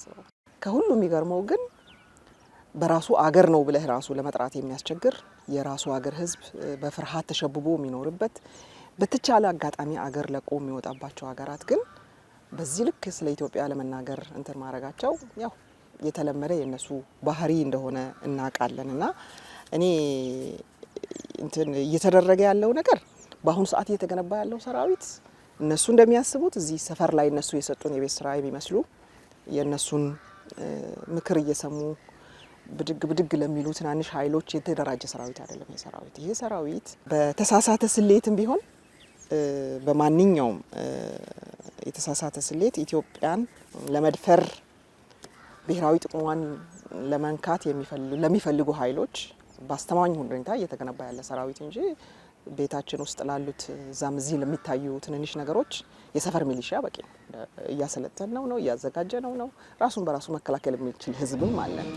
አስባለሁ። ከሁሉ የሚገርመው ግን በራሱ አገር ነው ብለህ ራሱ ለመጥራት የሚያስቸግር የራሱ አገር ህዝብ በፍርሃት ተሸብቦ የሚኖርበት በተቻለ አጋጣሚ አገር ለቆ የሚወጣባቸው ሀገራት ግን በዚህ ልክ ስለ ኢትዮጵያ ለመናገር እንትን ማድረጋቸው ያው የተለመደ የእነሱ ባህሪ እንደሆነ እናውቃለን። እና እኔ እንትን እየተደረገ ያለው ነገር በአሁኑ ሰዓት እየተገነባ ያለው ሰራዊት እነሱ እንደሚያስቡት እዚህ ሰፈር ላይ እነሱ የሰጡን የቤት ስራ የሚመስሉ የእነሱን ምክር እየሰሙ ብድግ ብድግ ለሚሉ ትናንሽ ኃይሎች የተደራጀ ሰራዊት አይደለም። ይህ ሰራዊት ይህ ሰራዊት በተሳሳተ ስሌትም ቢሆን በማንኛውም የተሳሳተ ስሌት ኢትዮጵያን ለመድፈር ብሔራዊ ጥቅሟን ለመንካት ለሚፈልጉ ኃይሎች በአስተማማኝ ሁኔታ እየተገነባ ያለ ሰራዊት እንጂ ቤታችን ውስጥ ላሉት ዛምዚ ለሚታዩ ትንንሽ ነገሮች የሰፈር ሚሊሺያ በቂ ነው። እያሰለጠን ነው ነው እያዘጋጀ ነው ነው ራሱን በራሱ መከላከል የሚችል ህዝብም አለን።